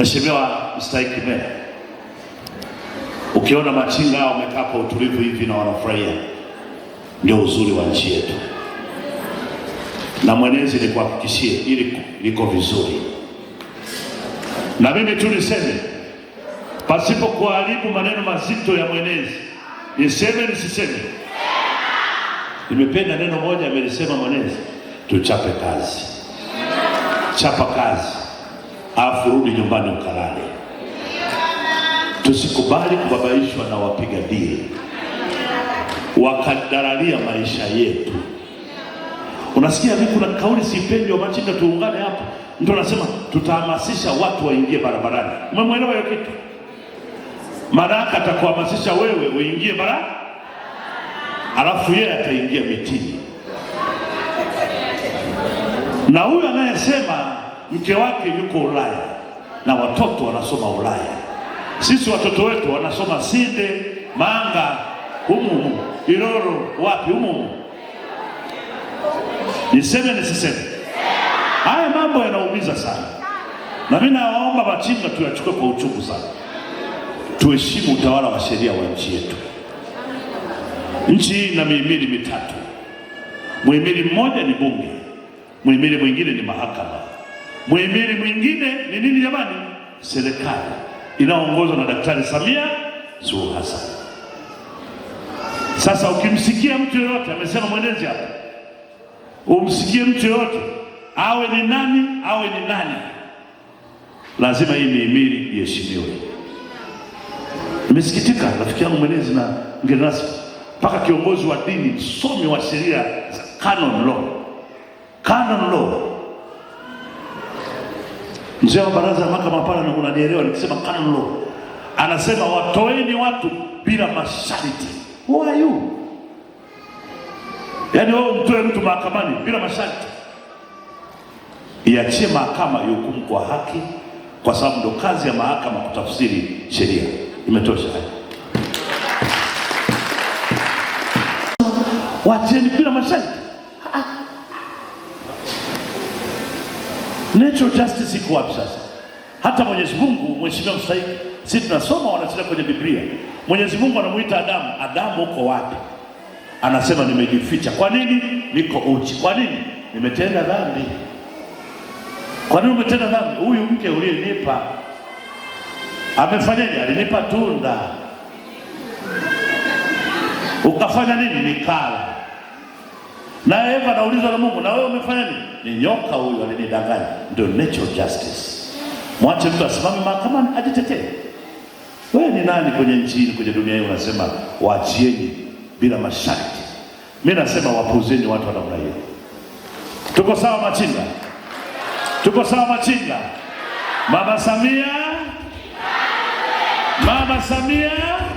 Mheshimiwa mstahiki meya, ukiona machinga hao wamekaa kwa utulivu hivi na wanafurahia, ndio uzuri wa nchi yetu, na Mwenyezi nikuhakikishie ili liko vizuri. Na mimi tu niseme pasipo kuharibu maneno mazito ya Mwenyezi, niseme nisiseme, nimependa neno moja amelisema Mwenyezi, tuchape kazi, chapa kazi alafu rudi nyumbani ukalale. Tusikubali kubabaishwa na wapiga dili wakadaralia maisha yetu. Unasikia hivi, kuna kauli sipendi, wamachinga tuungane hapa. Mtu anasema tutahamasisha watu waingie barabarani. Umemwelewa hiyo kitu? Maraka atakuhamasisha wewe uingie bara, alafu yeye ataingia mitini, na huyo anayesema mke wake yuko Ulaya na watoto wanasoma Ulaya. Sisi watoto wetu wanasoma Sinde, Manga, humu Iloro, wapi humuhumu. Niseme nisiseme? Haya mambo yanaumiza sana, na mimi nawaomba machinga tuyachukue kwa uchungu sana. Tuheshimu utawala wa sheria wa nchi yetu. Nchi hii ina mihimili mitatu. Muhimili mmoja ni bunge, muhimili mwingine ni mahakama Muhimili mwingine ni nini jamani? Serikali inaongozwa na Daktari Samia Suluhu Hassan. Sasa ukimsikia mtu yoyote amesema mwenezi hapa, umsikie mtu yoyote awe ni nani, awe ni nani, lazima hii mihimili iheshimiwe. Nimesikitika rafiki yangu mwenezi na mgeni rasmi, mpaka kiongozi wa dini, msomi wa sheria za canon law, canon law Mzee wa baraza ya mahakama pale na unanielewa nikisema canon law. Anasema watoeni watu bila masharti. Who are you? Yaani wewe mtoe mtu mahakamani bila masharti. Iachie mahakama ihukumu kwa haki kwa sababu ndo kazi ya mahakama kutafsiri sheria. Imetosha. Wacheni bila masharti. Ah, ah. Natural justice iko wapi sasa? Hata Mwenyezi Mungu, mheshimiwa mstahiki, sisi tunasoma wanasema kwenye Biblia, Mwenyezi Mungu anamuita Adamu, Adamu uko wapi? Anasema nimejificha. Kwa nini? Niko uchi. Kwa nini? Nimetenda dhambi. Kwa nini umetenda dhambi? Huyu mke uliyenipa amefanyaje? Alinipa tunda, ukafanya nini? Nikala Naye Eva anaulizwa na Mungu, na wewe umefanya nini? Ni nyoka huyo alinidanganya. Ndio natural justice. Mwache mtu asimame mahakamani ajitetee. Wewe ni nani kwenye nchi hii, kwenye dunia hii, unasema waachieni bila masharti? Mimi nasema wapuuzeni watu wa namna hiyo. Tuko sawa machinga? Tuko sawa machinga? Mama Samia, Mama Samia